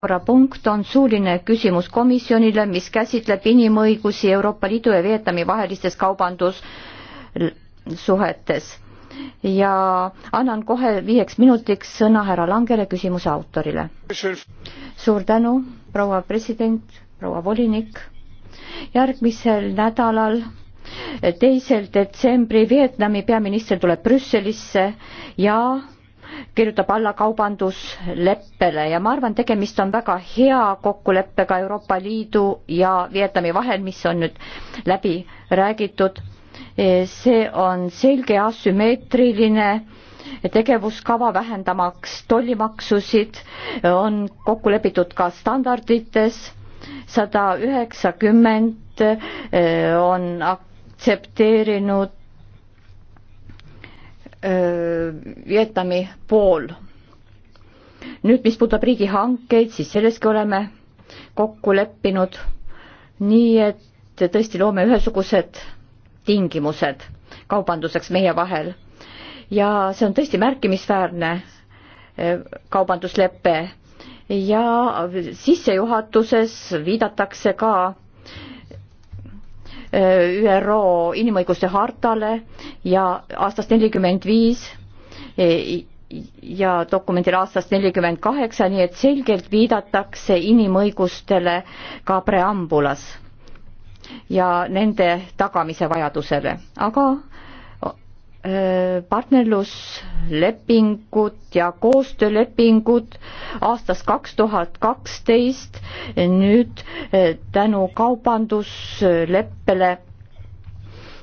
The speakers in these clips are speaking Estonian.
päevakorrapunkt on suuline küsimus komisjonile, mis käsitleb inimõigusi Euroopa Liidu ja Vietnami vahelistes kaubandussuhetes. ja annan kohe viieks minutiks sõna härra Langele, küsimuse autorile. suur tänu, proua president, proua volinik. järgmisel nädalal teisel detsembril Vietnami peaminister tuleb Brüsselisse ja kirjutab alla kaubandusleppele ja ma arvan, tegemist on väga hea kokkuleppega Euroopa Liidu ja Vietnami vahel, mis on nüüd läbi räägitud. see on selge asümmeetriline tegevuskava vähendamaks tollimaksusid, on kokku lepitud ka standardites, sada üheksakümmend eh, on aktsepteerinud Vietnami pool. nüüd, mis puudutab riigihankeid, siis selleski oleme kokku leppinud, nii et tõesti loome ühesugused tingimused kaubanduseks meie vahel. ja see on tõesti märkimisväärne kaubanduslepe ja sissejuhatuses viidatakse ka Äh, ÜRO inimõiguste hartale ja aastast nelikümmend viis e, ja dokumendil aastast nelikümmend kaheksa, nii et selgelt viidatakse inimõigustele ka preambulas ja nende tagamise vajadusele, aga Äh, partnerluslepingut ja koostöölepingut aastast kaks tuhat kaksteist nüüd äh, tänu kaubandusleppele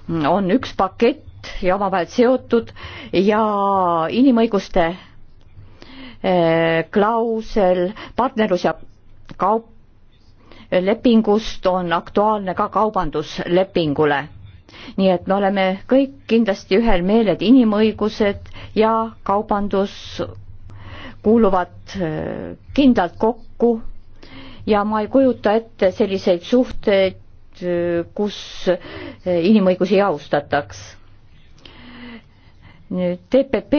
mm, on üks pakett ja omavahel seotud ja inimõiguste äh, klausel partnerlus ja kaup lepingust on aktuaalne ka kaubanduslepingule nii et me oleme kõik kindlasti ühel meelel, et inimõigused ja kaubandus kuuluvad äh, kindlalt kokku ja ma ei kujuta ette selliseid suhteid, äh, kus äh, inimõigusi ei austataks. nüüd TPP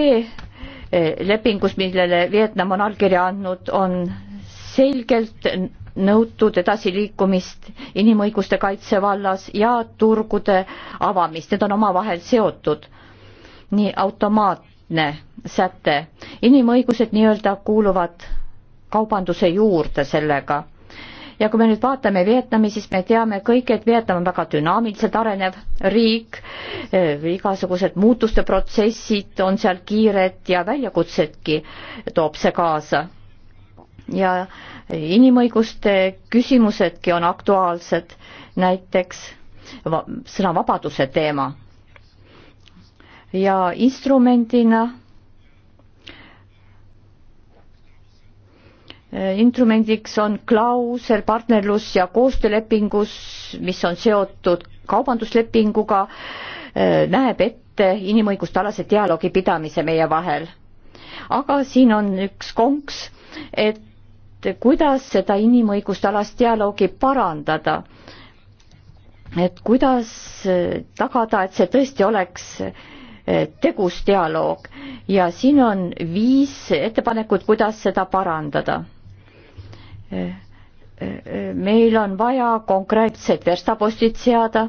lepingus, millele Vietnam on allkirja andnud, on selgelt nõutud edasiliikumist inimõiguste kaitse vallas ja turgude avamist, need on omavahel seotud. nii automaatne säte, inimõigused nii-öelda kuuluvad kaubanduse juurde sellega ja kui me nüüd vaatame Vietnami, siis me teame kõik, et Vietnam on väga dünaamiliselt arenev riik, e, igasugused muutuste protsessid on seal kiired ja väljakutsedki toob see kaasa ja inimõiguste küsimusedki on aktuaalsed, näiteks va sõnavabaduse teema. ja instrumendina, eh, instrumendiks on klausel partnerlus- ja koostöölepingus, mis on seotud kaubanduslepinguga, eh, näeb ette inimõiguste alase dialoogi pidamise meie vahel. aga siin on üks konks, et kuidas seda inimõiguste alast dialoogi parandada, et kuidas tagada, et see tõesti oleks eh, tegus dialoog ja siin on viis ettepanekut, kuidas seda parandada. Eh, eh, meil on vaja konkreetsed verstapostid seada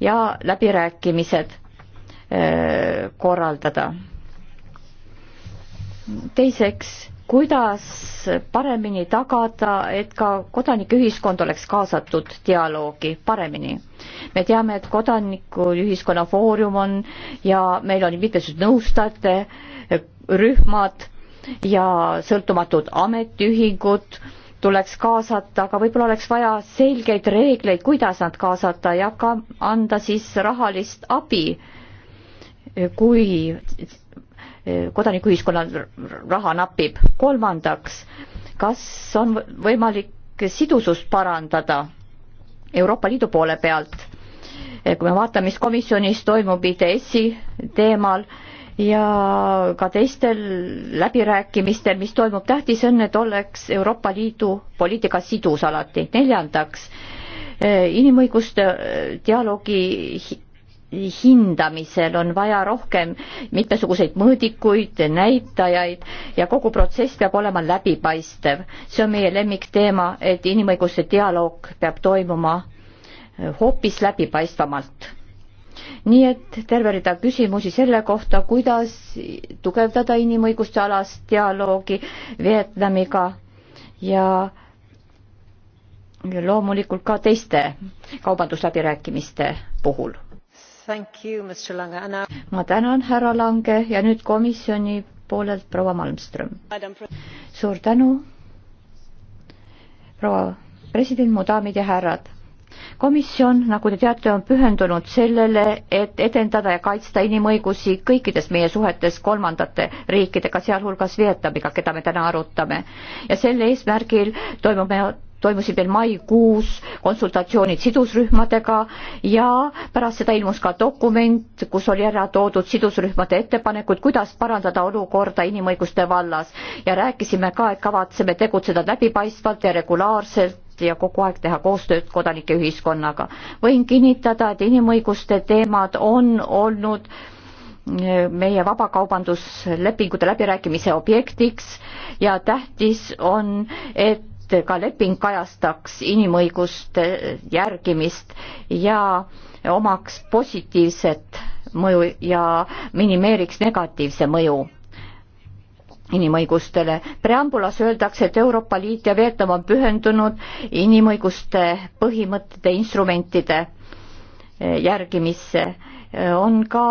ja läbirääkimised korraldada. teiseks kuidas paremini tagada, et ka kodanikuühiskond oleks kaasatud dialoogi paremini. me teame, et kodanikuühiskonna foorum on ja meil on mitmesugused nõustajate rühmad ja sõltumatud ametiühingud tuleks kaasata, aga võib-olla oleks vaja selgeid reegleid, kuidas nad kaasata ja ka anda siis rahalist abi, kui Eh, kodanikuühiskonnal raha napib. kolmandaks, kas on võimalik sidusust parandada Euroopa Liidu poole pealt? Eh, kui me vaatame, mis komisjonis toimub IDS-i teemal ja ka teistel läbirääkimistel, mis toimub, tähtis on, et oleks Euroopa Liidu poliitika sidus alati. neljandaks, eh, inimõiguste dialoogi hindamisel on vaja rohkem mitmesuguseid mõõdikuid, näitajaid ja kogu protsess peab olema läbipaistev. see on meie lemmikteema, et inimõiguste dialoog peab toimuma hoopis läbipaistvamalt. nii et terve rida küsimusi selle kohta, kuidas tugevdada inimõiguste alast dialoogi Vietnamiga ja loomulikult ka teiste kaubandusläbirääkimiste puhul ma tänan, härra Lange ja nüüd komisjoni poolelt proua Malmström. suur tänu, proua president, mu daamid ja härrad komisjon, nagu te teate, on pühendunud sellele, et edendada ja kaitsta inimõigusi kõikides meie suhetes kolmandate riikidega, sealhulgas Vietnamiga, keda me täna arutame. ja sel eesmärgil toimub meie toimusid veel maikuus konsultatsioonid sidusrühmadega ja pärast seda ilmus ka dokument, kus oli ära toodud sidusrühmade ettepanekud, kuidas parandada olukorda inimõiguste vallas ja rääkisime ka, et kavatseme tegutseda läbipaistvalt ja regulaarselt ja kogu aeg teha koostööd kodanike ühiskonnaga. võin kinnitada, et inimõiguste teemad on olnud eh, meie vabakaubanduslepingute läbirääkimise objektiks ja tähtis on, et et ka leping kajastaks inimõiguste järgimist ja omaks positiivset mõju ja minimeeriks negatiivse mõju inimõigustele. preambulas öeldakse, et Euroopa Liit ja Vietnam on pühendunud inimõiguste põhimõtete, instrumentide järgimisse on ka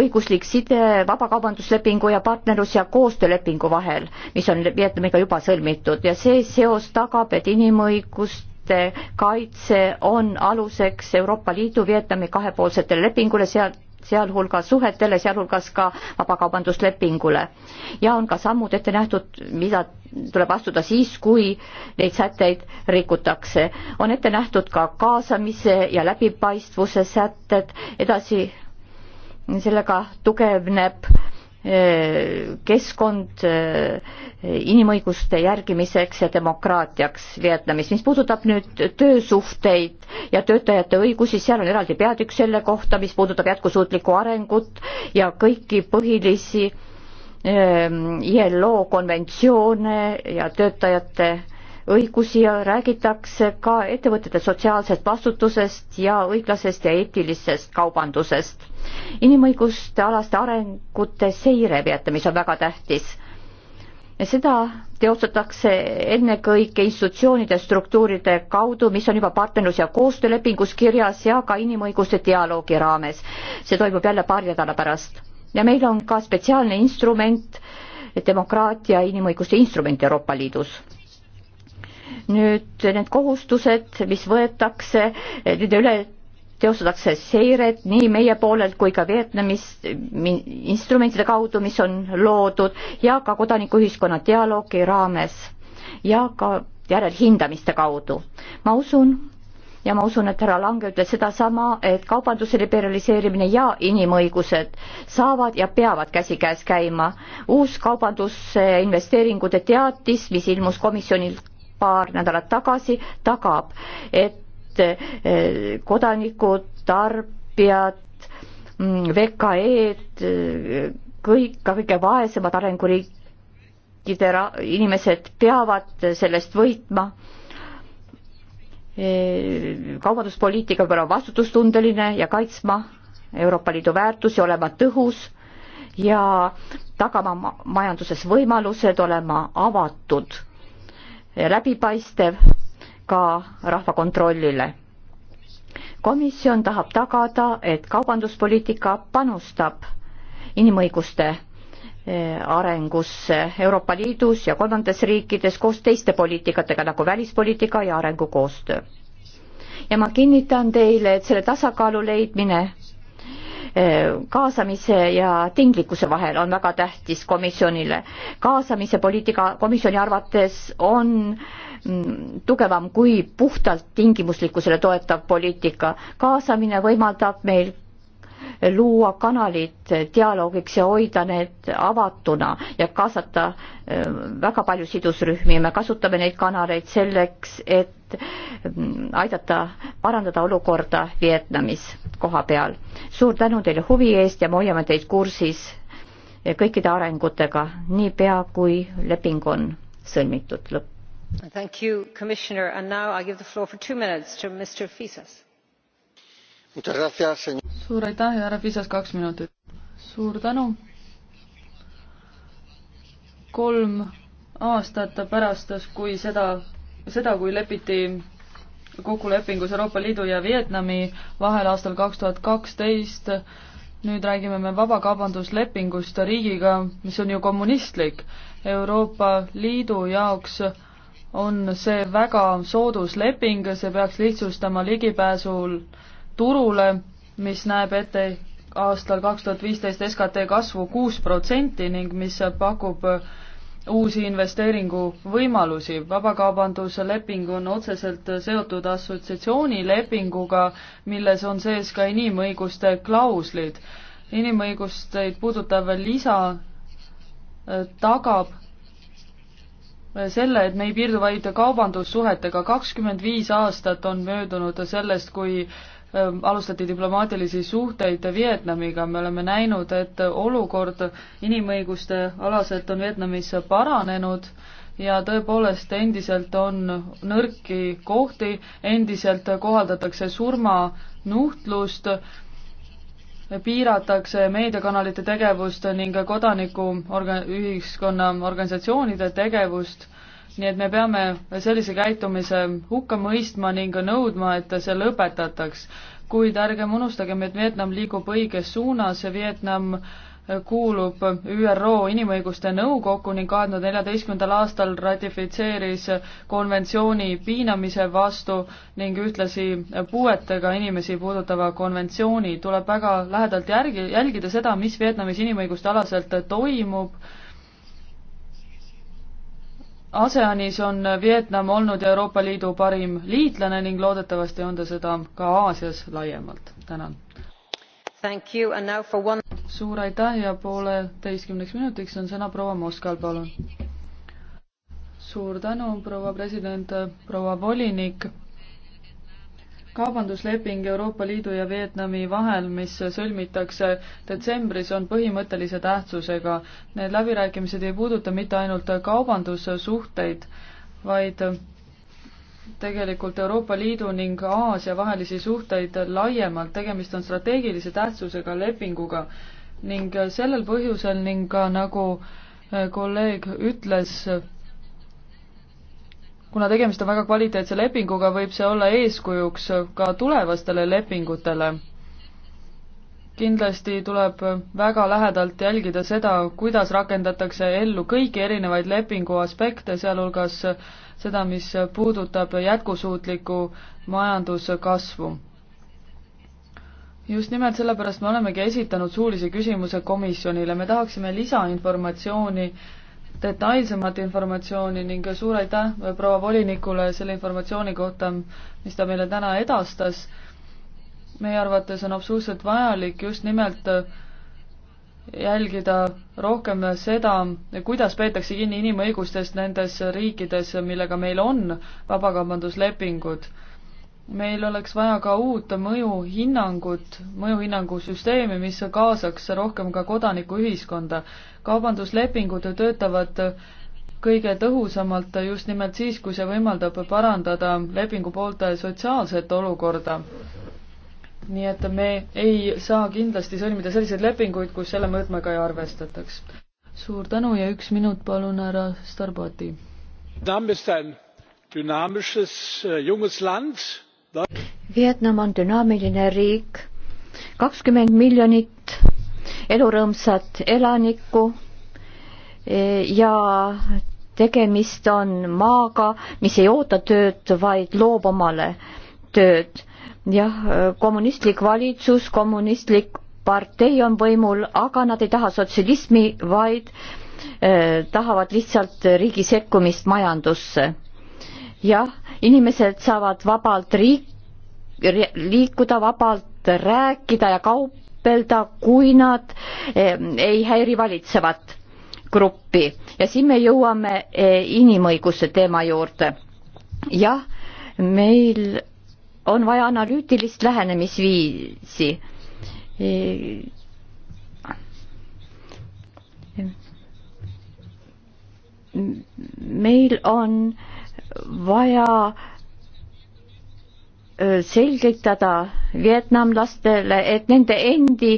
õiguslik side vabakaubanduslepingu ja partnerlus- ja koostöölepingu vahel, mis on Vietnamiga juba sõlmitud ja see seos tagab, et inimõiguste kaitse on aluseks Euroopa Liidu Vietnami kahepoolsetele lepingule, sealt sealhulgas suhetele, sealhulgas ka vabakaubanduslepingule. ja on ka sammud ette nähtud, mida tuleb astuda siis, kui neid sätteid rikutakse. on ette nähtud ka kaasamise ja läbipaistvuse sätted, edasi sellega tugevneb äh, Eh, keskkond eh, inimõiguste järgimiseks ja demokraatiaks Vietnamis. mis puudutab nüüd töösuhteid ja töötajate õigusi, seal on eraldi peatükk selle kohta, mis puudutab jätkusuutlikku arengut ja kõiki põhilisi eh, ILO konventsioone ja töötajate õigusi ja räägitakse ka ettevõtete sotsiaalsest vastutusest ja õiglasest ja eetilisest kaubandusest inimõiguste alaste arengute seire peate, mis on väga tähtis. seda teostatakse ennekõike institutsioonide struktuuride kaudu, mis on juba partnerlus- ja koostöölepingus kirjas ja ka inimõiguste dialoogi raames. see toimub jälle paari nädala pärast ja meil on ka spetsiaalne instrument, demokraatia inimõiguste instrument Euroopa Liidus nüüd need kohustused, mis võetakse, nende üle teostatakse seiret nii meie poolelt kui ka Vietnamist instrumentide kaudu, mis on loodud ja ka kodanikuühiskonna dialoogi raames ja ka järelhindamiste kaudu. ma usun ja ma usun, et härra Lange ütles sedasama, et kaubanduse liberaliseerimine ja inimõigused saavad ja peavad käsikäes käima. uus kaubandusinvesteeringute teatis, mis ilmus komisjonil paar nädalat tagasi, tagab, et et eh, kodanikud, tarbijad, mm, VKE-d, eh, kõik, ka kõige vaesemad arenguriikide inimesed peavad sellest võitma. Eh, kaubanduspoliitika peab olema vastutustundeline ja kaitsma Euroopa Liidu väärtusi, olema tõhus ja tagama majanduses võimalused, olema avatud, läbipaistev ka rahvakontrollile. komisjon tahab tagada, et kaubanduspoliitika panustab inimõiguste eh, arengusse Euroopa Liidus ja kolmandates riikides koos teiste poliitikatega nagu välispoliitika ja arengukoostöö. ja ma kinnitan teile, et selle tasakaalu leidmine kaasamise ja tinglikkuse vahel on väga tähtis komisjonile. kaasamise poliitika komisjoni arvates on mm, tugevam kui puhtalt tingimuslikkusele toetav poliitika. kaasamine võimaldab meil luua kanalid dialoogiks ja hoida need avatuna ja kaasata äh, väga palju sidusrühmi ja me kasutame neid kanaleid selleks, et mm, aidata parandada olukorda Vietnamis koha peal. suur tänu teile huvi eest ja me hoiame teid kursis kõikide arengutega niipea, kui leping on sõlmitud lõpp. Thank you, Commissioner, and now I give the floor for two minutes to Mr Fisas suur aitäh ja härra Pisas kaks minutit. suur tänu. kolm aastat pärast, kui seda, seda, kui lepiti kokkulepingus Euroopa Liidu ja Vietnami vahel aastal kaks tuhat kaksteist, nüüd räägime me vabakaubanduslepingust riigiga, mis on ju kommunistlik. Euroopa Liidu jaoks on see väga soodus leping, see peaks lihtsustama ligipääsul äh, turule, mis näeb ette aastal kaks tuhat viisteist SKT kasvu kuus protsenti ning mis pakub uusi investeeringuvõimalusi. vabakaubandusleping on otseselt seotud assotsiatsioonilepinguga, milles on sees ka inimõiguste klauslid. inimõigusteid puudutav lisa äh, tagab äh, selle, et me ei piirdu vaid kaubandussuhetega, kakskümmend viis aastat on möödunud sellest, kui äh, alustati diplomaatilisi suhteid Vietnamiga, me oleme näinud, et olukord inimõiguste alaselt on Vietnamis paranenud ja tõepoolest endiselt on nõrki kohti, endiselt kohaldatakse surmanuhtlust, piiratakse meediakanalite tegevust ning kodanikuühiskonna orga, organisatsioonide tegevust nii et me peame sellise käitumise hukka mõistma ning nõudma, et see lõpetataks. kuid ärgem unustagem, et Vietnam liigub õiges suunas ja Vietnam kuulub ÜRO Inimõiguste Nõukokku ning kahe tuhande neljateistkümnendal aastal ratifitseeris konventsiooni piinamise vastu ning ühtlasi puuetega inimesi puudutava konventsiooni. tuleb väga lähedalt järgi, jälgida seda, mis Vietnamis inimõiguste alaselt toimub ASEANis on Vietnam olnud Euroopa Liidu parim liitlane ning loodetavasti on ta seda ka Aasias laiemalt. tänan. One... suur aitäh ja pooleteistkümneks minutiks on sõna proua Moskal, palun. suur tänu, proua president, proua volinik kaubandusleping Euroopa Liidu ja Vietnami vahel, mis sõlmitakse detsembris, on põhimõttelise tähtsusega. Need läbirääkimised ei puuduta mitte ainult kaubandussuhteid, vaid tegelikult Euroopa Liidu ning Aasia vahelisi suhteid laiemalt, tegemist on strateegilise tähtsusega lepinguga ning sellel põhjusel ning ka nagu kolleeg ütles, kuna tegemist on väga kvaliteetse lepinguga, võib see olla eeskujuks ka tulevastele lepingutele. kindlasti tuleb väga lähedalt jälgida seda, kuidas rakendatakse ellu kõiki erinevaid lepingu aspekte, sealhulgas seda, mis puudutab jätkusuutlikku majanduskasvu. just nimelt sellepärast me olemegi esitanud suulise küsimuse komisjonile, me tahaksime lisainformatsiooni äh, detailsemat informatsiooni ning suur aitäh proua volinikule selle informatsiooni kohta, mis ta meile täna edastas. meie arvates on absoluutselt vajalik just nimelt jälgida rohkem seda, kuidas peetakse kinni inimõigustest nendes riikides, millega meil on vabakaubanduslepingud meil oleks vaja ka uut mõjuhinnangut, mõjuhinnangusüsteemi, mis kaasaks rohkem ka kodanikuühiskonda. kaubanduslepingud ju töötavad kõige tõhusamalt just nimelt siis, kui see võimaldab parandada lepingupoolte sotsiaalset olukorda. nii et me ei saa kindlasti sõlmida selliseid lepinguid, kus selle mõõtmega ei arvestataks. suur tänu ja üks minut palun, härra Starbati. Name ist ein dynamisches äh, junges Land Vietnam on dünaamiline riik, kakskümmend miljonit elurõõmsat elanikku ja tegemist on maaga, mis ei oota tööd, vaid loob omale tööd. jah, kommunistlik valitsus, kommunistlik partei on võimul, aga nad ei taha sotsialismi, vaid eh, tahavad lihtsalt riigi sekkumist majandusse. jah inimesed saavad vabalt riik, liikuda, vabalt rääkida ja kaupelda, kui nad ei häiri valitsevat gruppi ja siin me jõuame e, inimõiguste teema juurde. jah, meil on vaja analüütilist lähenemisviisi. E, meil on äh, vaja selgitada vietnamlastele, et nende endi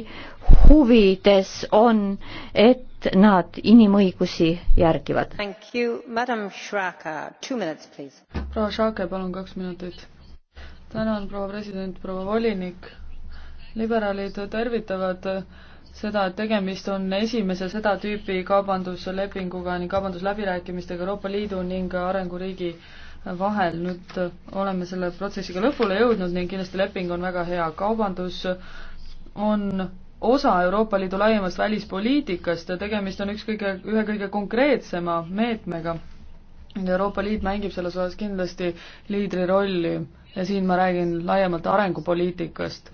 huvides on, et nad inimõigusi järgivad. proua Šake, palun kaks minutit. tänan, proua president, proua volinik. liberaalid tervitavad seda, et tegemist on esimese seda tüüpi kaubanduslepinguga ning kaubandusläbirääkimistega Euroopa Liidu ning arenguriigi vahel. nüüd oleme selle protsessiga lõpule jõudnud ning kindlasti leping on väga hea. kaubandus on osa Euroopa Liidu laiemast välispoliitikast ja tegemist on üks kõige, ühe kõige konkreetsema meetmega. Euroopa Liit mängib selles osas kindlasti liidri rolli ja siin ma räägin laiemalt arengupoliitikast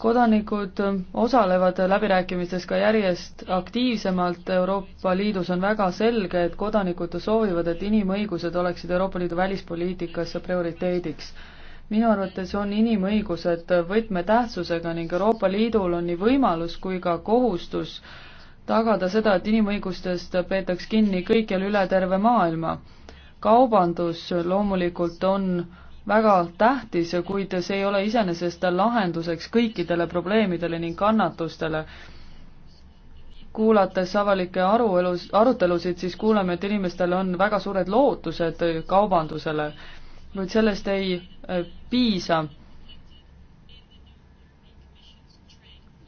kodanikud osalevad läbirääkimistes ka järjest aktiivsemalt, Euroopa Liidus on väga selge, et kodanikud soovivad, et inimõigused oleksid Euroopa Liidu välispoliitikas prioriteediks. minu arvates on inimõigused võtmetähtsusega ning Euroopa Liidul on nii võimalus kui ka kohustus tagada seda, et inimõigustest peetaks kinni kõikjal üle terve maailma. kaubandus loomulikult on äh, väga tähtis, kuid see ei ole iseenesest lahenduseks kõikidele probleemidele ning kannatustele. kuulates avalikke aruelus, arutelusid, siis kuuleme, et inimestel on väga suured lootused kaubandusele, kuid sellest ei äh, piisa.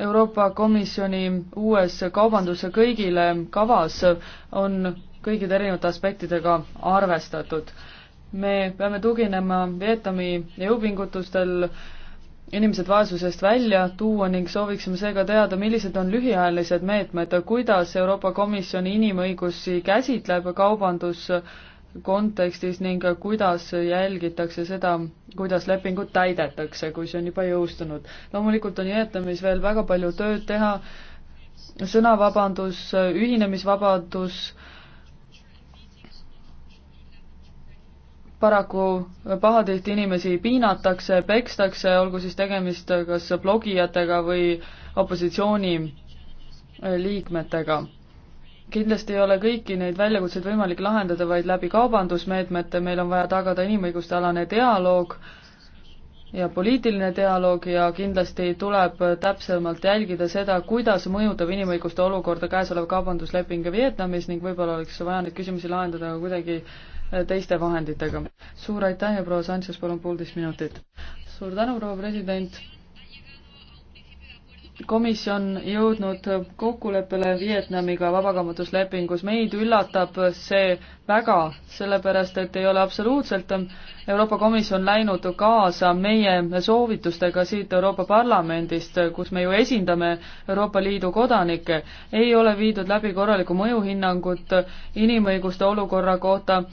Euroopa Komisjoni uues kaubanduse kõigile kavas on kõikide erinevate aspektidega arvestatud me peame tuginema Vietnami jõupingutustel inimesed vaesusest välja tuua ning sooviksime seega teada, millised on lühiajalised meetmed, kuidas Euroopa Komisjon inimõigusi käsitleb kaubandus kontekstis ning kuidas jälgitakse seda, kuidas lepingut täidetakse, kui see on juba jõustunud. loomulikult on Vietnamis veel väga palju tööd teha, sõnavabadus, ühinemisvabadus, paraku pahatihti inimesi piinatakse, pekstakse, olgu siis tegemist kas blogijatega või opositsiooni äh, liikmetega. kindlasti ei ole kõiki neid väljakutseid võimalik lahendada vaid läbi kaubandusmeetmete, meil on vaja tagada inimõiguste alane dialoog ja poliitiline dialoog ja kindlasti tuleb täpsemalt jälgida seda, kuidas mõjutab inimõiguste olukorda käesolev kaubandusleping Vietnamis ning võib-olla oleks vaja neid küsimusi lahendada kuidagi äh, teiste vahenditega. suur aitäh ja proua Sanchez, palun poolteist minutit. suur tänu, proua president. komisjon jõudnud kokkuleppele Vietnamiga vabakaubanduslepingus, meid üllatab see väga, sellepärast et ei ole absoluutselt Euroopa Komisjon läinud kaasa meie soovitustega siit Euroopa Parlamendist, kus me ju esindame Euroopa Liidu kodanikke, ei ole viidud läbi korralikku mõjuhinnangut inimõiguste olukorra kohta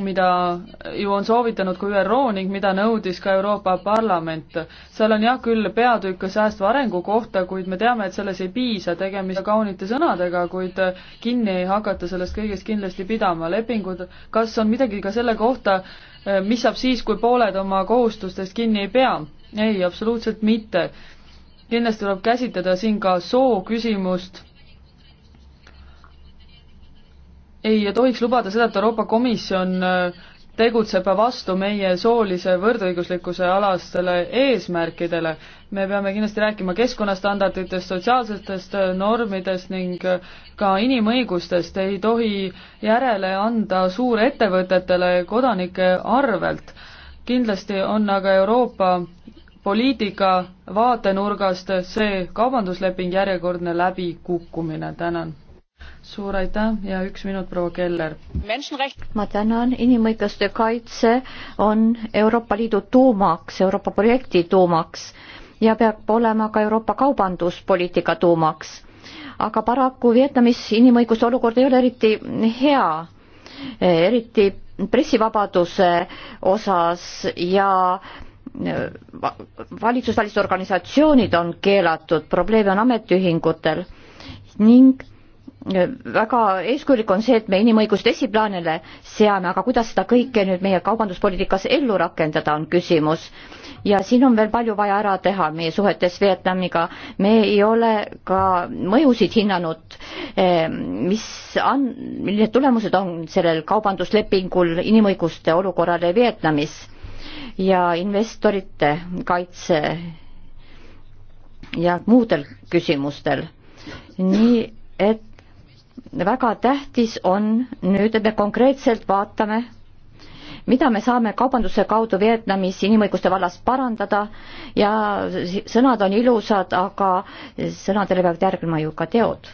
mida ju on soovitanud ka ÜRO ning mida nõudis ka Euroopa Parlament. seal on jah küll peatükk säästva arengu kohta, kuid me teame, et selles ei piisa, tegemist kaunite sõnadega, kuid kinni ei hakata sellest kõigest kindlasti pidama. lepingud, kas on midagi ka selle kohta, mis saab siis, kui pooled oma kohustustest kinni ei pea? ei, absoluutselt mitte. kindlasti tuleb käsitleda siin ka soo küsimust ei tohiks lubada seda, et Euroopa Komisjon äh, tegutseb vastu meie soolise võrdõiguslikkuse alastele eesmärkidele. me peame kindlasti rääkima keskkonnastandarditest, sotsiaalsetest äh, normidest ning äh, ka inimõigustest, ei tohi järele anda suurettevõtetele kodanike arvelt. kindlasti on aga Euroopa poliitika vaatenurgast see kaubandusleping järjekordne läbikukkumine, tänan suur aitäh ja üks minut, proua Keller. ma tänan, inimõiguste kaitse on Euroopa Liidu tuumaks, Euroopa projekti tuumaks ja peab olema ka Euroopa kaubanduspoliitika tuumaks. aga paraku Vietnamis inimõiguste olukord ei ole eriti hea, eriti pressivabaduse osas ja e, valitsusvälised organisatsioonid on keelatud, probleeme on ametiühingutel ning väga eeskujulik on see, et me inimõigust esiplaanile seame, aga kuidas seda kõike nüüd meie kaubanduspoliitikas ellu rakendada, on küsimus. ja siin on veel palju vaja ära teha meie suhetes Vietnamiga. me ei ole ka mõjusid hinnanud, eh, mis on, millised tulemused on sellel kaubanduslepingul inimõiguste olukorrale Vietnamis ja investorite kaitse ja muudel küsimustel. nii et väga tähtis on nüüd, et me konkreetselt vaatame, mida me saame kaubanduse kaudu Vietnamis inimõiguste vallas parandada ja sõnad on ilusad, aga sõnadele peavad järgnema ju ka teod.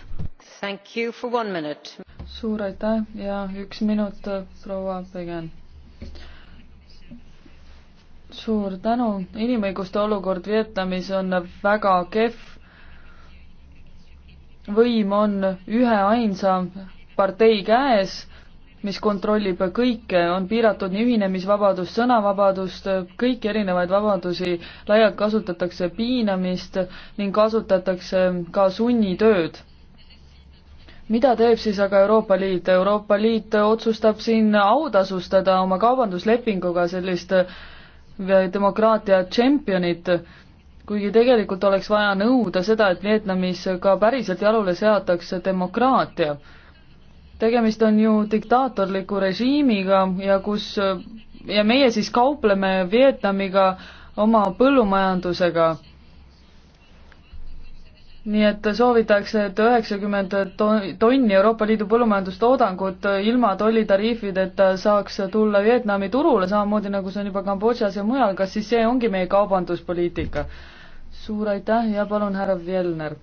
suur aitäh ja üks minut, proua Pegen. suur tänu, inimõiguste olukord Vietnamis on väga kehv võim on üheainsa partei käes, mis kontrollib kõike, on piiratud nii ühinemisvabadust, sõnavabadust, kõiki erinevaid vabadusi, laialt kasutatakse piinamist ning kasutatakse ka sunnitööd mida teeb siis aga Euroopa Liit? Euroopa Liit otsustab siin autasustada oma kaubanduslepinguga sellist demokraatia tšempionit, kuigi tegelikult oleks vaja nõuda seda, et Vietnamis ka päriselt jalule seatakse demokraatia. tegemist on ju diktaatorliku režiimiga ja kus ja meie siis kaupleme Vietnamiga oma põllumajandusega nii et soovitakse, et üheksakümmend tonni Euroopa Liidu põllumajandustoodangut ilma tollitariifideta saaks tulla Vietnami turule, samamoodi nagu see on juba Kambodžas ja mujal, kas siis see ongi meie kaubanduspoliitika? suur aitäh ja palun, härra Vjelner!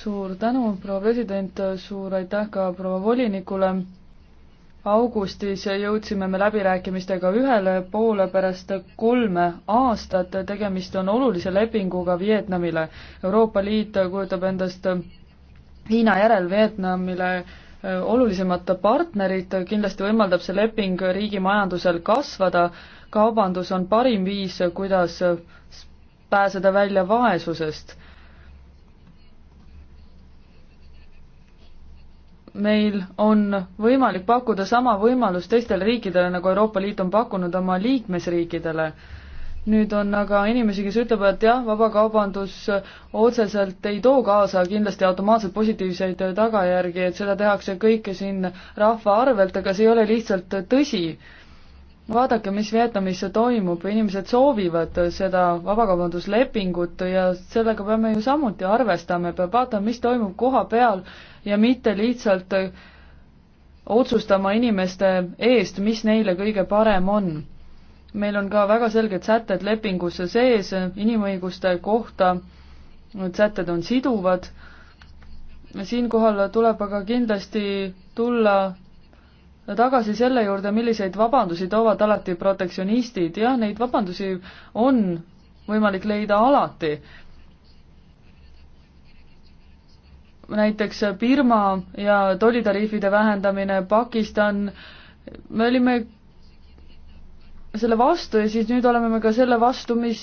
suur tänu, proua president, suur aitäh ka proua volinikule augustis jõudsime me läbirääkimistega ühele poole pärast kolme aastat, tegemist on olulise lepinguga Vietnamile. Euroopa Liit kujutab endast Hiina järel Vietnamile äh, olulisemat partnerit, kindlasti võimaldab see leping riigi majandusel kasvada, kaubandus on parim viis, kuidas pääseda välja vaesusest meil on võimalik pakkuda sama võimalust teistele riikidele, nagu Euroopa Liit on pakkunud oma liikmesriikidele. nüüd on aga inimesi, kes ütlevad, et jah, vabakaubandus otseselt ei too kaasa kindlasti automaatselt positiivseid tagajärgi, et seda tehakse kõike siin rahva arvelt, aga see ei ole lihtsalt tõsi vaadake, mis Vietnamis toimub, inimesed soovivad seda vabakaubanduslepingut ja sellega peame ju samuti arvestama, peab vaatama, mis toimub koha peal ja mitte lihtsalt otsustama inimeste eest, mis neile kõige parem on. meil on ka väga selged sätted lepingus sees inimõiguste kohta, need sätted on siduvad, siinkohal tuleb aga kindlasti tulla tagasi selle juurde, milliseid vabandusi toovad alati protektsionistid, jah, neid vabandusi on võimalik leida alati. näiteks Birma ja tollitariifide vähendamine, Pakistan, me olime selle vastu ja siis nüüd oleme me ka selle vastu, mis,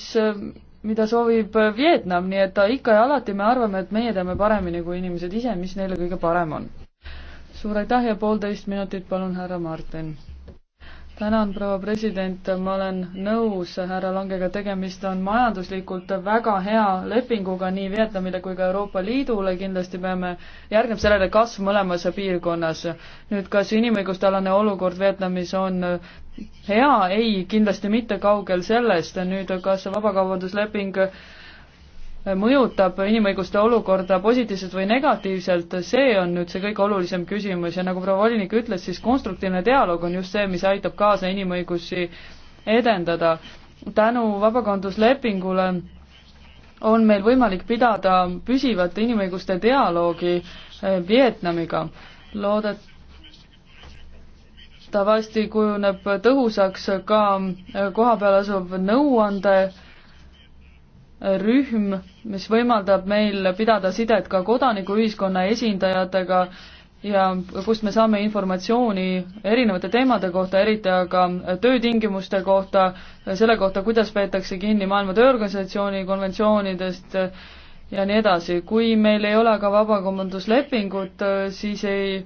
mida soovib Vietnam, nii et ikka ja alati me arvame, et meie teame paremini kui inimesed ise, mis neile kõige parem on suur aitäh ja poolteist minutit palun, härra Martin. tänan, proua president, ma olen nõus härra Langega, tegemist on majanduslikult väga hea lepinguga nii Vietnamile kui ka Euroopa Liidule, kindlasti peame, järgneb sellele kasv mõlemas piirkonnas. nüüd, kas inimõiguste alane olukord Vietnamis on hea, ei, kindlasti mitte kaugel sellest, nüüd kas vabakaubandusleping mõjutab inimõiguste olukorda positiivselt või negatiivselt, see on nüüd see kõige olulisem küsimus ja nagu proua volinik ütles, siis konstruktiivne dialoog on just see, mis aitab kaasa inimõigusi edendada. tänu vabakaubanduslepingule on meil võimalik pidada püsivat inimõiguste dialoogi eh, Vietnamiga. loodet-, tavasti kujuneb tõhusaks ka eh, kohapeal asuv nõuande rühm, mis võimaldab meil pidada sidet ka kodanikuühiskonna esindajatega ja kust me saame informatsiooni erinevate teemade kohta, eriti aga töötingimuste kohta, selle kohta, kuidas peetakse kinni Maailma Tööorganisatsiooni konventsioonidest ja nii edasi. kui meil ei ole ka vabakaubanduslepingut, siis ei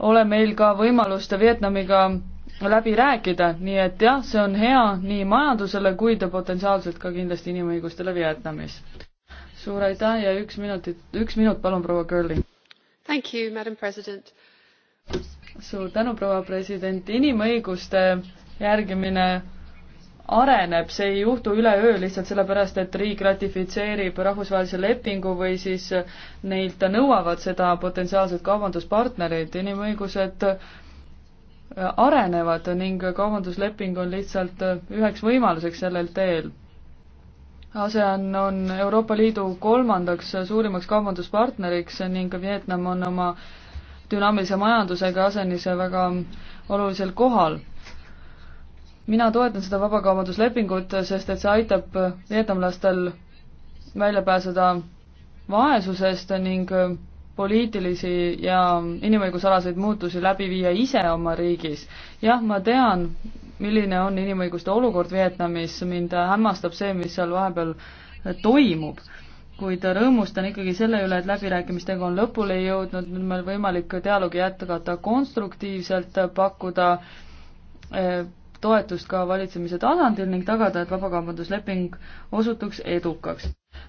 ole meil ka võimalust Vietnamiga läbi rääkida, nii et jah, see on hea nii majandusele kui ta potentsiaalselt ka kindlasti inimõigustele Vietnamis. suur aitäh ja üks minutit, üks minut palun, proua Curly. Thank you, madam president. suur tänu, proua president, inimõiguste järgimine areneb, see ei juhtu üleöö lihtsalt sellepärast, et riik ratifitseerib rahvusvahelise lepingu või siis neilt nõuavad seda potentsiaalsed kaubanduspartnerid, inimõigused äh, arenevad ning kaubandusleping on lihtsalt üheks võimaluseks sellel teel. ASEAN on Euroopa Liidu kolmandaks suurimaks kaubanduspartneriks ning Vietnam on oma dünaamilise majandusega ASEANis väga olulisel kohal mina toetan seda vabakaubanduslepingut, sest et see aitab vietnamlastel välja pääseda vaesusest ning poliitilisi ja inimõigusalaseid muutusi läbi viia ise oma riigis. jah, ma tean, milline on inimõiguste olukord Vietnamis, mind hämmastab see, mis seal vahepeal eh, toimub, kuid rõõmustan ikkagi selle üle, et läbirääkimistega on lõpule jõudnud, nüüd on meil võimalik dialoogi jätkata konstruktiivselt, pakkuda eh, toetust ka valitsemise tasandil ning tagada, et vabakaubandusleping osutuks edukaks.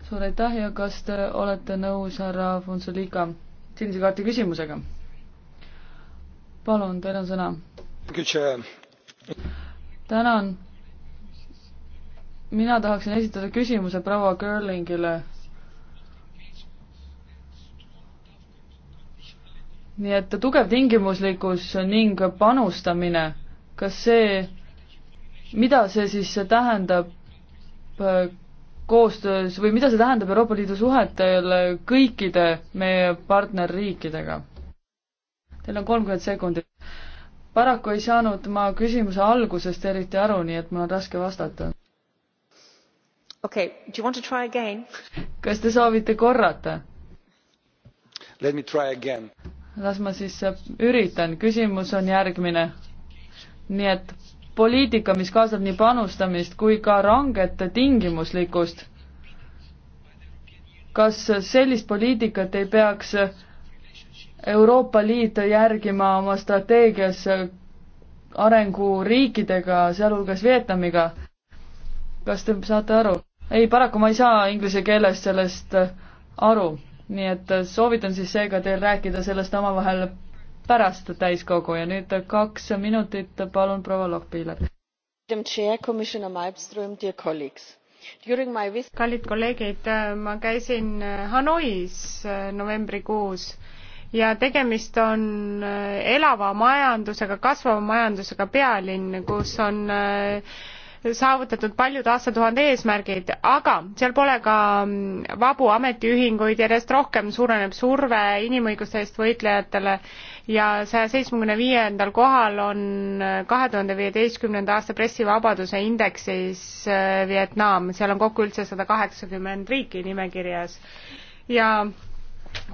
suur aitäh ja kas te olete nõus härra Fonsolika sinise kaarti küsimusega? palun, teil on sõna. tänan. mina tahaksin esitada küsimuse proua Girlingile. nii et tugev tingimuslikkus ning panustamine, kas see mida see siis tähendab äh, koostöös või mida see tähendab Euroopa Liidu suhetel kõikide meie partnerriikidega? Teil on kolmkümmend sekundit. paraku ei saanud ma küsimuse algusest eriti aru, nii et mul on raske vastata. okei okay., do you want to try again? kas te soovite korrata? Let me try again. las ma siis äh, üritan, küsimus on järgmine. nii et poliitika, mis kaasab nii panustamist kui ka ranget tingimuslikkust. kas sellist poliitikat ei peaks Euroopa Liit järgima oma strateegias arenguriikidega, sealhulgas Vietnamiga? kas te saate aru? ei, paraku ma ei saa inglise keeles sellest aru, nii et soovitan siis seega teil rääkida sellest omavahel pärast täiskogu ja nüüd kaks minutit, palun, proua Lohpiiler. kallid kolleegid, ma käisin Hanois novembrikuus ja tegemist on elava majandusega, kasvava majandusega pealinn, kus on äh, saavutatud paljud aastatuhande eesmärgid, aga seal pole ka mm, vabu ametiühinguid, järjest rohkem suureneb surve inimõiguste eest võitlejatele ja saja seitsmekümne viiendal kohal on äh, kahe tuhande viieteistkümnenda aasta pressivabaduse indeksis äh, Vietnam, seal on kokku üldse sada kaheksakümmend riiki nimekirjas ja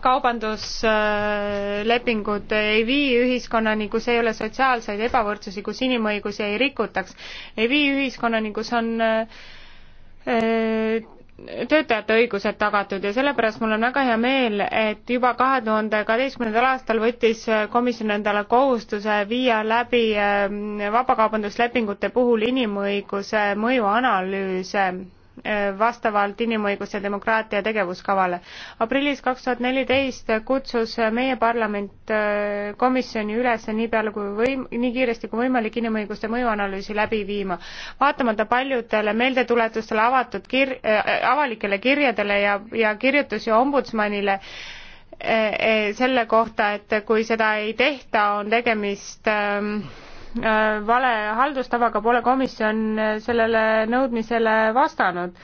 kaubanduslepingud ei vii ühiskonnani, kus ei ole sotsiaalseid ebavõrdsusi, kus inimõigusi ei rikutaks, ei vii ühiskonnani, kus on äh, töötajate õigused tagatud ja sellepärast mul on väga hea meel, et juba kahe tuhande kaheteistkümnendal aastal võttis komisjon endale kohustuse viia läbi äh, vabakaubanduslepingute puhul inimõiguse mõjuanalüüse Eh, vastavalt inimõiguste demokraatia tegevuskavale. aprillis kaks tuhat neliteist kutsus meie parlament eh, komisjoni üles nii peale kui võim-, nii kiiresti kui võimalik inimõiguste mõjuanalüüsi läbi viima. vaatamata paljudele meeldetuletustele avatud kir-, eh, avalikele kirjadele ja, ja kirjutusi ombudsmanile, selle kohta, et kui seda ei tehta, on tegemist ähm, Äh, vale haldustavaga pole komisjon äh, sellele nõudmisele vastanud.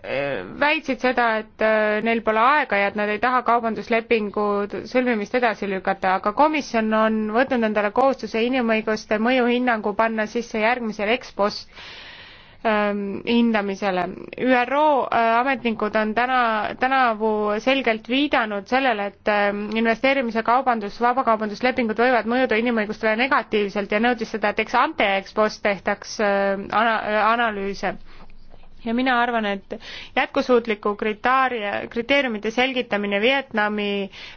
Äh, väitsid seda, et neil pole aega ja et nad ei taha kaubanduslepingu sõlmimist edasi lükata, aga komisjon on võtnud endale kohustuse inimõiguste mõjuhinnangu panna sisse järgmisel EXPO-st Ähm, hindamisele. ÜRO äh, ametnikud on täna, tänavu selgelt viidanud sellele, et ähm, investeerimise kaubandus, vabakaubanduslepingud võivad mõjuda inimõigustele negatiivselt ja nõudis seda, et eks ante ja eks post tehtaks äh, ana, äh, analüüse ja mina arvan, et jätkusuutliku kriteeria, kriteeriumite selgitamine Vietnami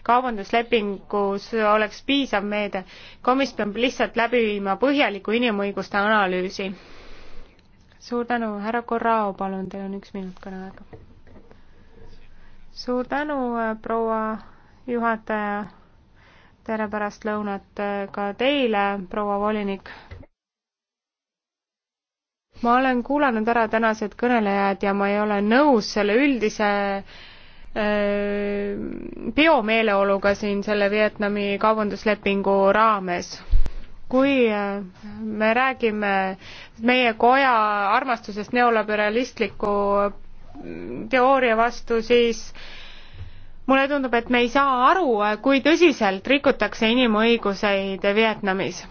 kaubanduslepingus oleks piisav meede. komisjon peab lihtsalt läbi viima põhjaliku inimõiguste analüüsi suur tänu, härra Korrao, palun, teil on üks minut kõneaega. suur tänu, äh, proua juhataja. tere pärastlõunat äh, ka teile, proua volinik. ma olen kuulanud ära tänased kõnelejad ja ma ei ole nõus selle üldise äh, peomeeleoluga siin selle Vietnami kaubanduslepingu raames. kui me räägime meie koja armastusest neoliberalistliku teooria vastu, siis mulle tundub, et me ei saa aru, kui tõsiselt rikutakse inimõiguseid Vietnamis.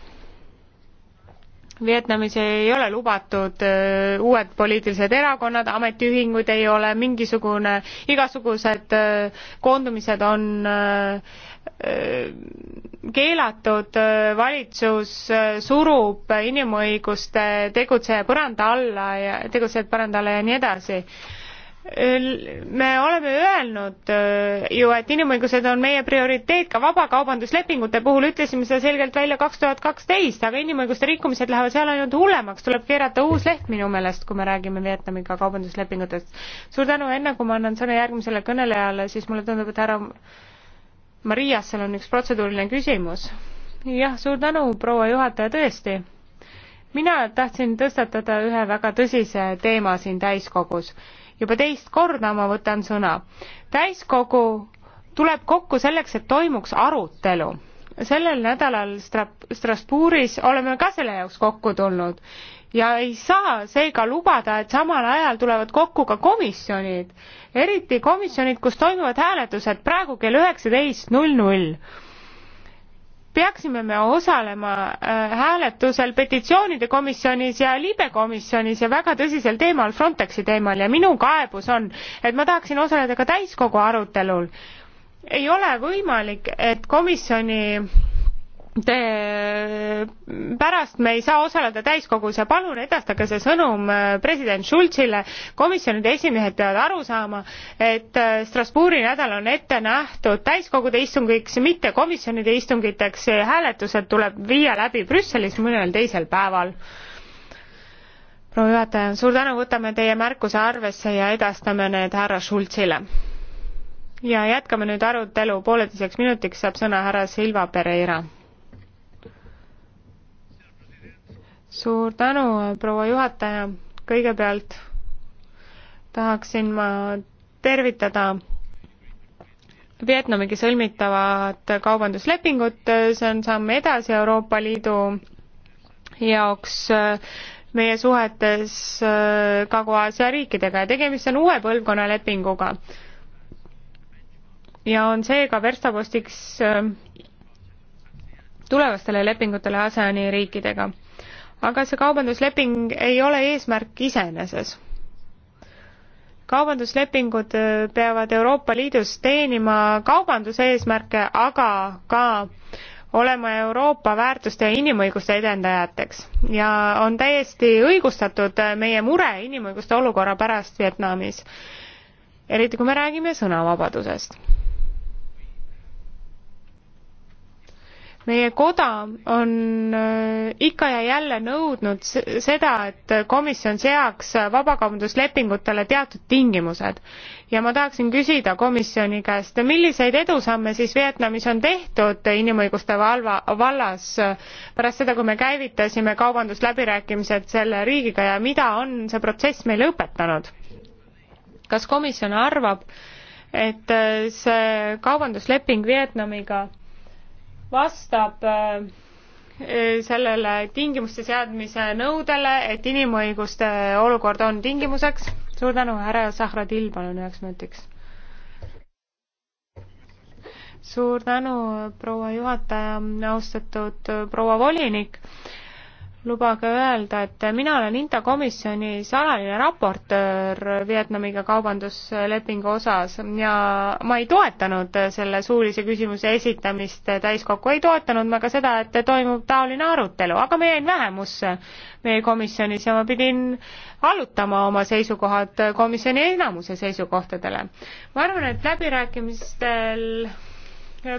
Vietnamis ei ole lubatud äh, uued poliitilised erakonnad, ametiühinguid ei ole, mingisugune, igasugused äh, koondumised on öö, äh, keelatud, äh, valitsus äh, surub inimõiguste tegutseja põranda alla ja tegutsejad põranda alla ja nii edasi. me oleme öelnud äh, ju, et inimõigused on meie prioriteet ka vabakaubanduslepingute puhul, ütlesime seda selgelt välja kaks tuhat kaksteist, aga inimõiguste rikkumised lähevad seal ainult hullemaks, tuleb keerata uus leht minu meelest, kui me räägime Vietnamiga kaubanduslepingutest. suur tänu, enne kui ma annan sõna järgmisele kõnelejale, siis mulle tundub, et härra Marias, seal on üks protseduuriline küsimus. jah, suur tänu, proua juhataja, tõesti. mina tahtsin tõstatada ühe väga tõsise teema siin täiskogus. juba teist korda ma võtan sõna. täiskogu tuleb kokku selleks, et toimuks arutelu sellel nädalal Strasbourgis oleme ka selle jaoks kokku tulnud ja ei saa seega lubada, et samal ajal tulevad kokku ka komisjonid, eriti komisjonid, kus toimuvad hääletused praegu kell üheksateist null null peaksime me osalema äh, hääletusel petitsioonide komisjonis ja libe komisjonis ja väga tõsisel teemal Frontexi teemal ja minu kaebus on, et ma tahaksin osaleda ka täiskogu arutelul. ei ole võimalik, et komisjoni Te pärast me ei saa osaleda täiskogus ja palun edastage see sõnum äh, president Schulzile. komisjonide esimehed peavad aru saama, et äh, Strasbourgi nädal on ette nähtud täiskogude istungiks, mitte komisjonide istungiteks. hääletused tuleb viia läbi Brüsselis mõnel teisel päeval. proua juhataja, suur tänu, võtame teie märkuse arvesse ja edastame need härra Schulzile. ja jätkame nüüd arutelu, pooleteiseks minutiks saab sõna härra Silva Pereira suur tänu, proua juhataja. kõigepealt tahaksin ma tervitada Vietnamiga sõlmitavat kaubanduslepingut, see on samm edasi Euroopa Liidu jaoks meie suhetes Kagu-Aasia riikidega ja tegemist on uue põlvkonna lepinguga. ja on seega verstapostiks tulevastele lepingutele ASEAN-i riikidega aga see kaubandusleping ei ole eesmärk iseeneses. kaubanduslepingud äh, peavad Euroopa Liidus teenima kaubanduse eesmärke, aga ka olema Euroopa väärtuste ja inimõiguste edendajateks ja on täiesti õigustatud äh, meie mure inimõiguste olukorra pärast Vietnamis, eriti kui me räägime sõnavabadusest meie koda on äh, ikka ja jälle nõudnud seda, et komisjon seaks vabakaubanduslepingutele teatud tingimused. ja ma tahaksin küsida komisjoni käest, milliseid edusamme siis Vietnamis on tehtud inimõiguste valva, vallas pärast seda, kui me käivitasime kaubandusläbirääkimised selle riigiga ja mida on see protsess meile õpetanud? kas komisjon arvab, et äh, see kaubandusleping Vietnamiga vastab äh, sellele tingimuste seadmise nõudele, et inimõiguste olukord on tingimuseks. suur tänu, härra Sahradil, palun üheks minutiks. suur tänu, proua juhataja, austatud proua volinik lubage öelda, et mina olen Inta komisjonis alaline raportöör Vietnamiga kaubanduslepingu osas ja ma ei toetanud selle suulise küsimuse esitamist täiskokku, ei toetanud ma ka seda, et toimub taoline arutelu, aga ma jäin vähemusse meie komisjonis ja ma pidin allutama oma seisukohad komisjoni enamuse seisukohtadele. ma arvan, et läbirääkimistel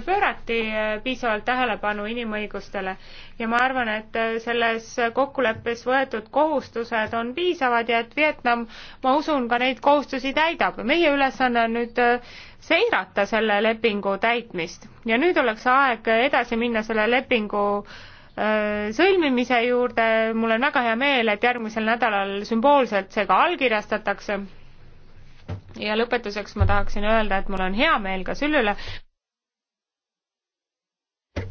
pöörati äh, piisavalt tähelepanu inimõigustele ja ma arvan, et äh, selles kokkuleppes võetud kohustused on piisavad ja et Vietnam, ma usun, ka neid kohustusi täidab. meie ülesanne on nüüd äh, seirata selle lepingu täitmist ja nüüd oleks aeg edasi minna selle lepingu sõlmimise juurde, mul on väga hea meel, et järgmisel nädalal sümboolselt see ka allkirjastatakse ja lõpetuseks ma tahaksin öelda, et mul on hea meel ka selle üle,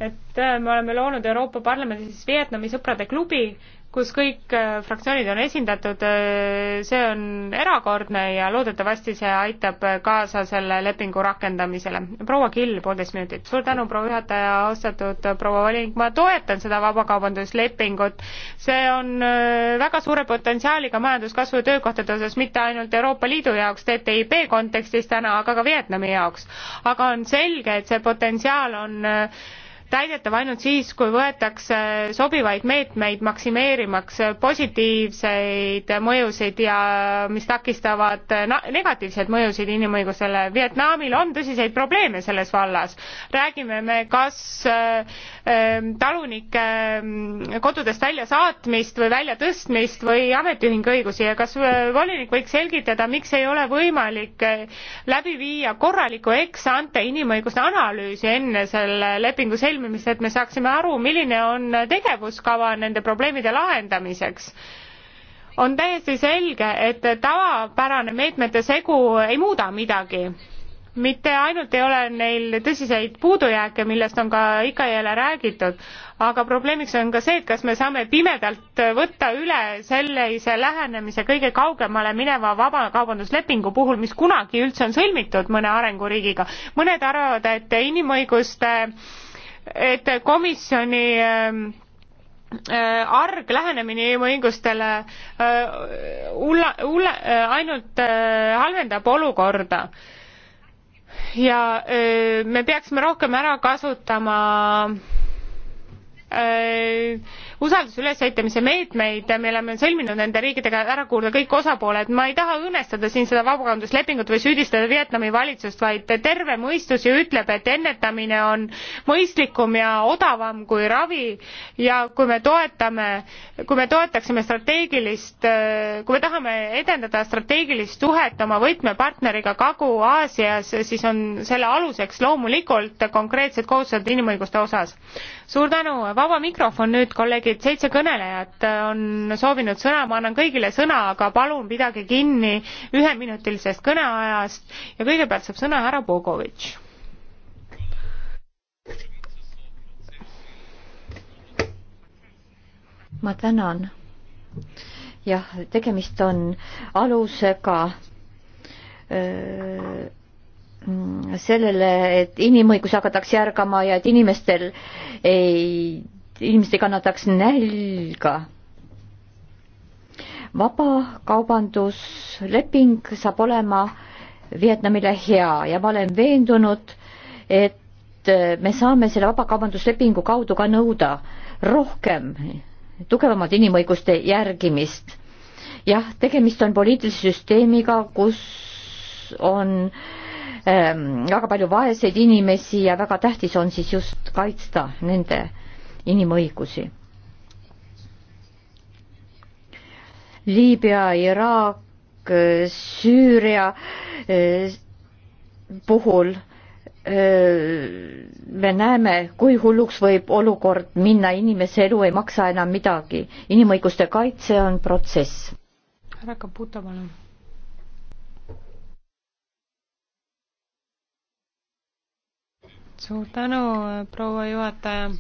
et äh, me oleme loonud Euroopa Parlamendis Vietnami sõprade klubi, kus kõik äh, fraktsioonid on esindatud, äh, see on erakordne ja loodetavasti see aitab kaasa selle lepingu rakendamisele. proua Kill, poolteist minutit. suur tänu, proua juhataja, austatud proua volinik, ma toetan seda vabakaubanduslepingut. see on väga suure potentsiaaliga majanduskasvu ja töökohtade osas, mitte ainult Euroopa Liidu jaoks TTIP kontekstis täna, aga ka Vietnami jaoks. aga on selge, et see potentsiaal on täidetav ainult siis, kui võetakse sobivaid meetmeid maksimeerimaks positiivseid mõjusid ja mis takistavad negatiivseid mõjusid inimõigusele. Vietnamil on tõsiseid probleeme selles vallas. räägime me kas äh, Ähm, talunike ähm, kodudest väljasaatmist või väljatõstmist või ametiühingu õigusi ja kas äh, volinik võiks selgitada, miks ei ole võimalik äh, läbi viia korralikku ex-ante inimõiguste analüüsi enne selle lepingu sõlmimist, et me saaksime aru, milline on tegevuskava nende probleemide lahendamiseks on täiesti selge, et tavapärane meetmete segu ei muuda midagi mitte ainult ei ole neil tõsiseid puudujääke, millest on ka ikka ja jälle räägitud, aga probleemiks on ka see, et kas me saame pimedalt võtta üle sellise lähenemise kõige kaugemale mineva vabakaubanduslepingu puhul, mis kunagi üldse on sõlmitud mõne arenguriigiga. mõned arvavad, et inimõiguste, et komisjoni ähm, äh, arg lähenemine inimõigustele hulla- äh, hulla- äh, ainult äh, halvendab olukorda ja öö, me peaksime rohkem ära kasutama öö, usalduse ülesehitamise meetmeid, me oleme sõlminud nende riikidega ära kuulda kõik osapooled, ma ei taha õõnestada siin seda vabakaubanduslepingut või süüdistada Vietnami valitsust, vaid terve mõistus ju ütleb, et ennetamine on mõistlikum ja odavam kui ravi ja kui me toetame, kui me toetaksime strateegilist, kui me tahame edendada strateegilist suhet oma võtmepartneriga Kagu-Aasias, siis on selle aluseks loomulikult konkreetsed kohustused inimõiguste osas. suur tänu, vaba mikrofon nüüd kolleegid kolleegid, seitse kõnelejat on soovinud sõna, ma annan kõigile sõna, aga palun pidage kinni üheminutilisest kõneajast ja kõigepealt saab sõna härra Bogovitš. ma tänan. jah, tegemist on alusega öö, äh, sellele, et inimõigusi hakatakse järgama ja et inimestel ei inimesed ei kannataks nälga. vabakaubandusleping saab olema Vietnamile hea ja ma olen veendunud, et me saame selle vabakaubanduslepingu kaudu ka nõuda rohkem tugevamat inimõiguste järgimist. jah, tegemist on poliitilise süsteemiga, kus on ähm, väga palju vaeseid inimesi ja väga tähtis on siis just kaitsta nende inimõigusi. Liibüa, Iraak, Süüria eh, puhul eh, me näeme, kui hulluks võib olukord minna, inimese elu ei maksa enam midagi. inimõiguste kaitse on protsess. härra Kaputa, palun. suur tänu, proua juhataja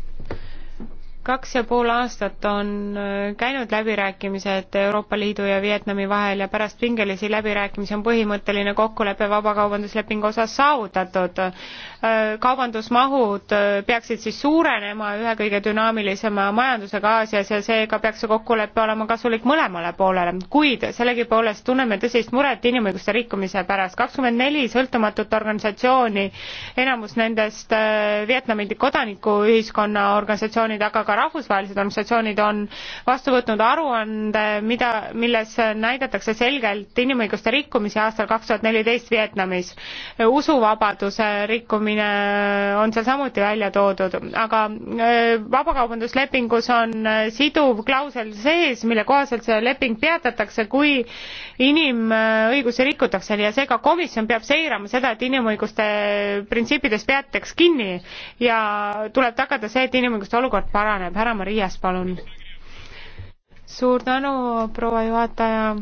kaks ja pool aastat on äh, käinud läbirääkimised Euroopa Liidu ja Vietnami vahel ja pärast pingelisi läbirääkimisi on põhimõtteline kokkulepe vabakaubanduslepingu osas saavutatud. Äh, kaubandusmahud äh, peaksid siis suurenema ühe kõige dünaamilisema majandusega Aasias ja seega peaks see kokkulepe olema kasulik mõlemale poolele, kuid sellegipoolest tunneme tõsist muret inimõiguste rikkumise pärast. kakskümmend neli sõltumatut organisatsiooni, enamus nendest Vietnami kodanikuühiskonna organisatsioonid, aga ka ka rahvusvahelised organisatsioonid on vastu võtnud aruande, mida, milles näidatakse selgelt inimõiguste rikkumisi aastal kaks tuhat neliteist Vietnamis. usuvabaduse rikkumine on seal samuti välja toodud, aga vabakaubanduslepingus on siduv klausel sees, mille kohaselt see leping peatatakse, kui inimõigusi rikutakse ja seega komisjon peab seirama seda, et inimõiguste printsiipidest peataks kinni ja tuleb tagada see, et inimõiguste olukord paraneb paraneb. härra Marias, palun. suur tänu, proua juhataja.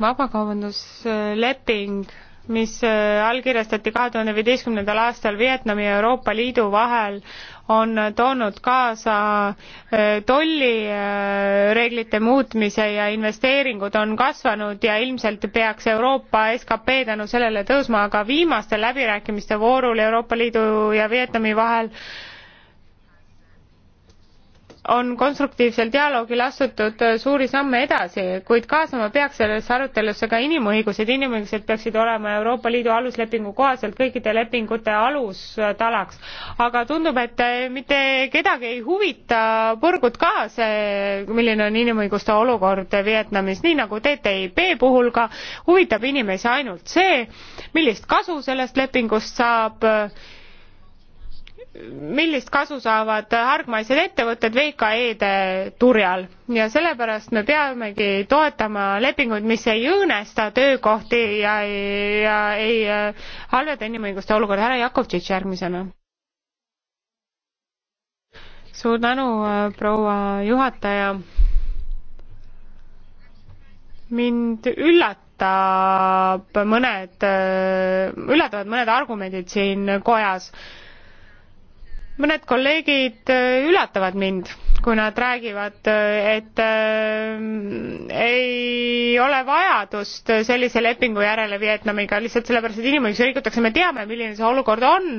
vabakaubandusleping, mis äh, allkirjastati kahe tuhande viieteistkümnendal aastal Vietnami ja Euroopa Liidu vahel, on toonud kaasa äh, tollireeglite äh, muutmise ja investeeringud on kasvanud ja ilmselt peaks Euroopa skp tänu sellele tõusma, aga viimastel läbirääkimiste voorul Euroopa Liidu ja Vietnami vahel on konstruktiivsel dialoogil astutud suuri samme edasi, kuid kaasama peaks sellesse arutelusse ka inimõigused. inimõigused peaksid olema Euroopa Liidu aluslepingu kohaselt kõikide lepingute alustalaks. aga tundub, et mitte kedagi ei huvita põrgut ka see, milline on inimõiguste olukord Vietnamis, nii nagu TTIP puhul ka, huvitab inimesi ainult see, millist kasu sellest lepingust saab millist kasu saavad hargmaised ettevõtted VKE-de turjal ja sellepärast me peamegi toetama lepinguid, mis ei õõnesta töökohti ja, ja ei äh, halvenda inimõiguste olukorda. härra Jakovtšitš järgmisena. suur tänu, äh, proua juhataja. mind üllatas üllatab mõned, äh, üllatavad mõned argumendid siin kojas mõned kolleegid äh, üllatavad mind kui nad räägivad, et äh, ei ole vajadust sellise lepingu järele Vietnamiga, lihtsalt sellepärast, et inimõigusi rikutakse, me teame, milline see olukord on,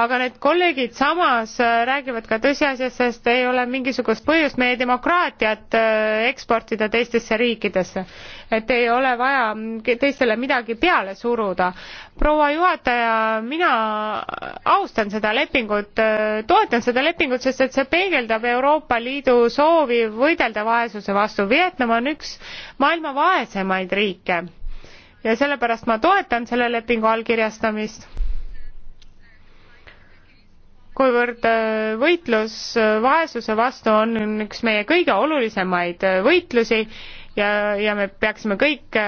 aga need kolleegid samas äh, räägivad ka tõsiasjast, sest ei ole mingisugust põhjust meie demokraatiat äh, eksportida teistesse riikidesse. et ei ole vaja teistele midagi peale suruda. proua juhataja, mina austan seda lepingut, äh, toetan seda lepingut, sest et see peegeldab Euroopa Euroopa Liidu soovi võidelda vaesuse vastu. Vietnam on üks maailma vaesemaid riike ja sellepärast ma toetan selle lepingu allkirjastamist. kuivõrd äh, võitlus äh, vaesuse vastu on üks meie kõige olulisemaid äh, võitlusi ja, ja me peaksime kõik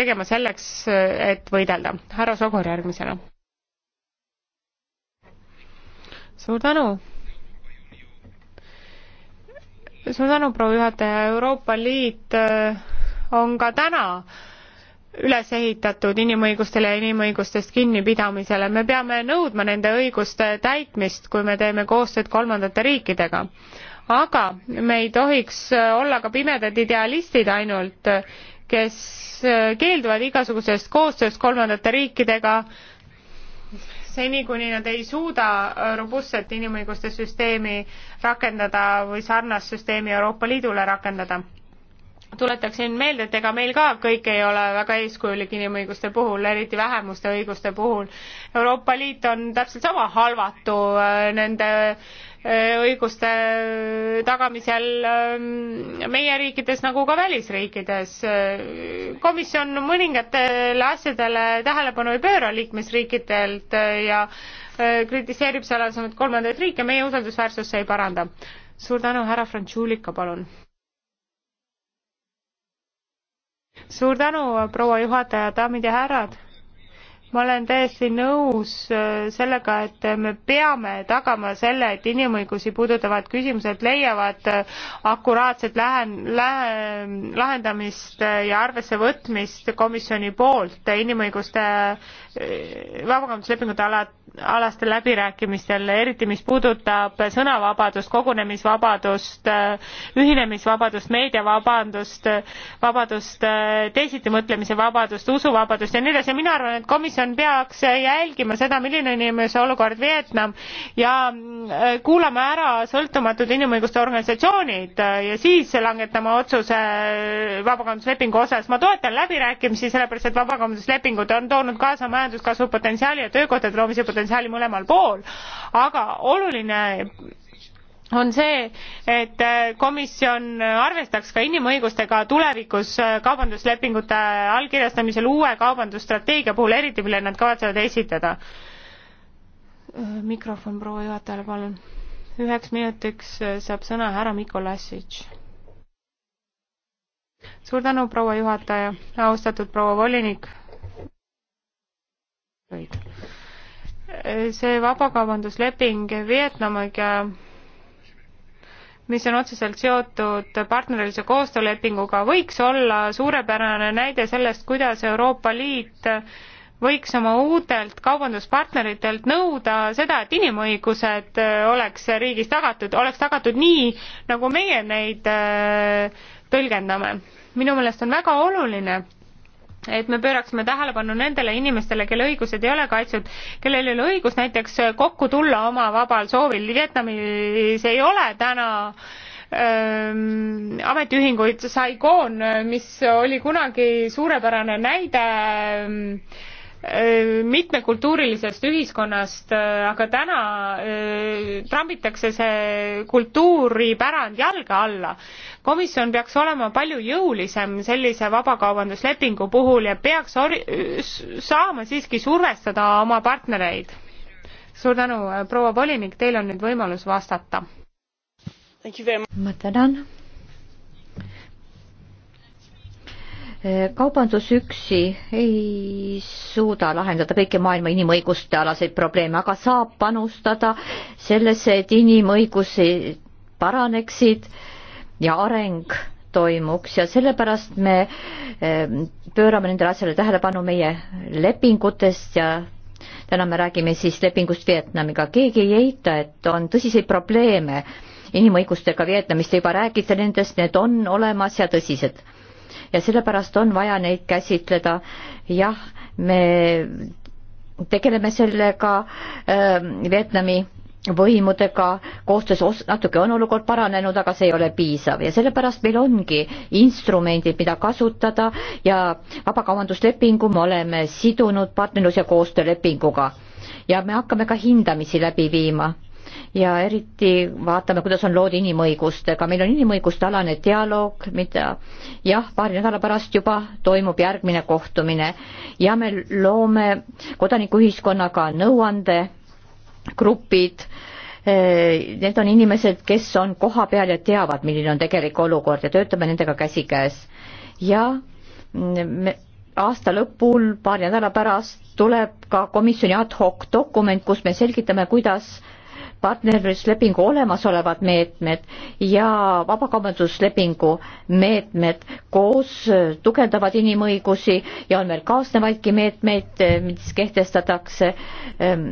tegema selleks, et võidelda. härra Sogor järgmisena. suur tänu suur tänu, proua juhataja, Euroopa Liit äh, on ka täna üles ehitatud inimõigustele ja inimõigustest kinnipidamisele. me peame nõudma nende õiguste täitmist, kui me teeme koostööd kolmandate riikidega. aga me ei tohiks äh, olla ka pimedad idealistid ainult, äh, kes keelduvad igasugusest koostööst kolmandate riikidega äh, seni, kuni nad ei suuda robustset inimõiguste süsteemi rakendada või sarnast süsteemi Euroopa Liidule rakendada tuletaksin meelde, et ega meil ka kõik ei ole väga eeskujulik inimõiguste puhul, eriti vähemuste õiguste puhul. Euroopa Liit on täpselt sama halvatu äh, nende äh, õiguste äh, tagamisel ähm, meie riikides nagu ka välisriikides. komisjon mõningatele asjadele tähelepanu ei pööra liikmesriikidelt ja kritiseerib selle asemel kolmandaid riike, meie usaldusväärsust see ei paranda. suur tänu, härra Frantsuulika, palun suur tänu, proua juhataja, daamid ja härrad ma olen täiesti nõus äh, sellega, et me peame tagama selle, et inimõigusi puudutavad küsimused leiavad äh, akuraatset lähen-, lähe-, lahendamist äh, ja arvesse võtmist komisjoni poolt inimõiguste Eh, vabakaubanduslepingute ala, alastel läbirääkimistel, eriti mis puudutab sõnavabadust, kogunemisvabadust, ühinemisvabadust, meediavabadust, vabadust, eh, teisitimõtlemise vabadust, usuvabadust ja nii edasi ja mina arvan, et komisjon peaks jälgima seda, milline on inimese olukord Vietnam ja eh, kuulama ära sõltumatud inimõiguste organisatsioonid ja siis langetama otsuse vabakaubanduslepingu osas. ma toetan läbirääkimisi, sellepärast et vabakaubanduslepingud on toonud kaasa majanduskasvu potentsiaali ja töökohtade loomise potentsiaali mõlemal pool, aga oluline on see, et komisjon arvestaks ka inimõigustega tulevikus kaubanduslepingute allkirjastamisel uue kaubandusstrateegia puhul, eriti mille nad kavatsevad esitada. mikrofon proua juhatajale, palun. üheks minutiks saab sõna härra Mikolassitš. suur tänu, proua juhataja, austatud proua volinik see vabakaubandusleping Vietnamiga, mis on otseselt seotud partnerluse koostöölepinguga, võiks olla suurepärane näide sellest, kuidas Euroopa Liit võiks oma uutelt kaubanduspartneritelt nõuda seda, et inimõigused oleks riigis tagatud, oleks tagatud nii, nagu meie neid äh, tõlgendame. minu meelest on väga oluline et me pööraksime tähelepanu nendele inimestele, kelle õigused ei ole kaitsnud, kellel ei ole õigus näiteks kokku tulla oma vabal soovil. Vietnamis ei ole täna ähm, ametiühinguid Saigon, mis oli kunagi suurepärane näide ähm, Äh, mitmekultuurilisest ühiskonnast, äh, aga täna äh, trambitakse see kultuuripärand jalge alla. komisjon peaks olema palju jõulisem sellise vabakaubanduslepingu puhul ja peaks ori-, saama siiski survestada oma partnereid. suur tänu, proua volinik, teil on nüüd võimalus vastata. ma tänan kaubandusüksi ei suuda lahendada kõiki maailma inimõiguste alaseid probleeme, aga saab panustada sellesse, et inimõigusi paraneksid ja areng toimuks ja sellepärast me ähm, pöörame nendele asjale tähelepanu meie lepingutest ja täna me räägime siis lepingust Vietnamiga. keegi ei eita, et on tõsiseid probleeme inimõigustega Vietnamis, te juba räägite nendest, need on olemas ja tõsised ja sellepärast on vaja neid käsitleda. jah, me tegeleme sellega äh, Vietnami võimudega koostöös os-, natuke on olukord paranenud, aga see ei ole piisav ja sellepärast meil ongi instrumendid, mida kasutada ja vabakaubanduslepingu me oleme sidunud partnerlus- ja koostöölepinguga. ja me hakkame ka hindamisi läbi viima ja eriti vaatame, kuidas on lood inimõigustega. meil on inimõiguste alane dialoog, mida jah, paari nädala pärast juba toimub järgmine kohtumine ja me loome kodanikuühiskonnaga nõuandegrupid. Eh, need on inimesed, kes on kohapeal ja teavad, milline on tegelik olukord ja töötame nendega käsikäes. ja me aasta lõpul, paari nädala pärast tuleb ka komisjoni ad hoc dokument, kus me selgitame, kuidas partnerluslepingu olemasolevad meetmed ja vabakaubanduslepingu meetmed koos tugevdavad inimõigusi ja on veel kaasnevaidki meetmeid, mis kehtestatakse ehm,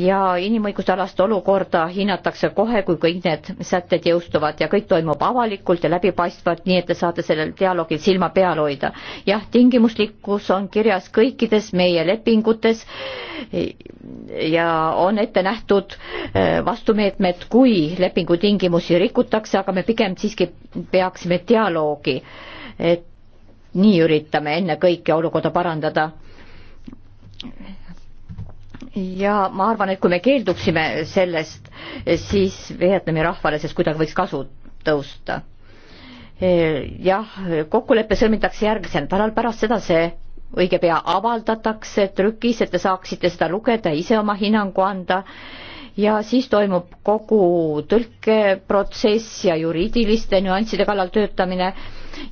ja inimõiguste alast olukorda hinnatakse kohe, kui kõik need sätted jõustuvad ja kõik toimub avalikult ja läbipaistvalt, nii et te saate sellel dialoogil silma peal hoida. jah, tingimuslikkus on kirjas kõikides meie lepingutes ja on ette nähtud eh, vastumeetmed, kui lepingu tingimusi rikutakse, aga me pigem siiski peaksime dialoogi, et nii üritame ennekõike olukorda parandada. ja ma arvan, et kui me keelduksime sellest, siis Vietnami rahvale sellest kuidagi võiks kasu tõusta. jah, kokkulepe sõlmitakse järgmisel nädalal, pärast seda see õige pea avaldatakse trükis, et te saaksite seda lugeda, ise oma hinnangu anda ja siis toimub kogu tõlkeprotsess ja juriidiliste nüansside kallal töötamine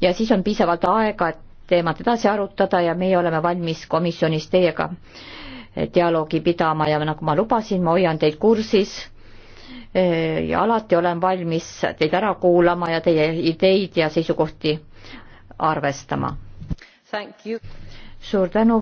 ja siis on piisavalt aega, et teemat edasi arutada ja meie oleme valmis komisjonis teiega dialoogi pidama ja nagu ma lubasin, ma hoian teid kursis ja alati olen valmis teid ära kuulama ja teie ideid ja seisukohti arvestama. suur tänu.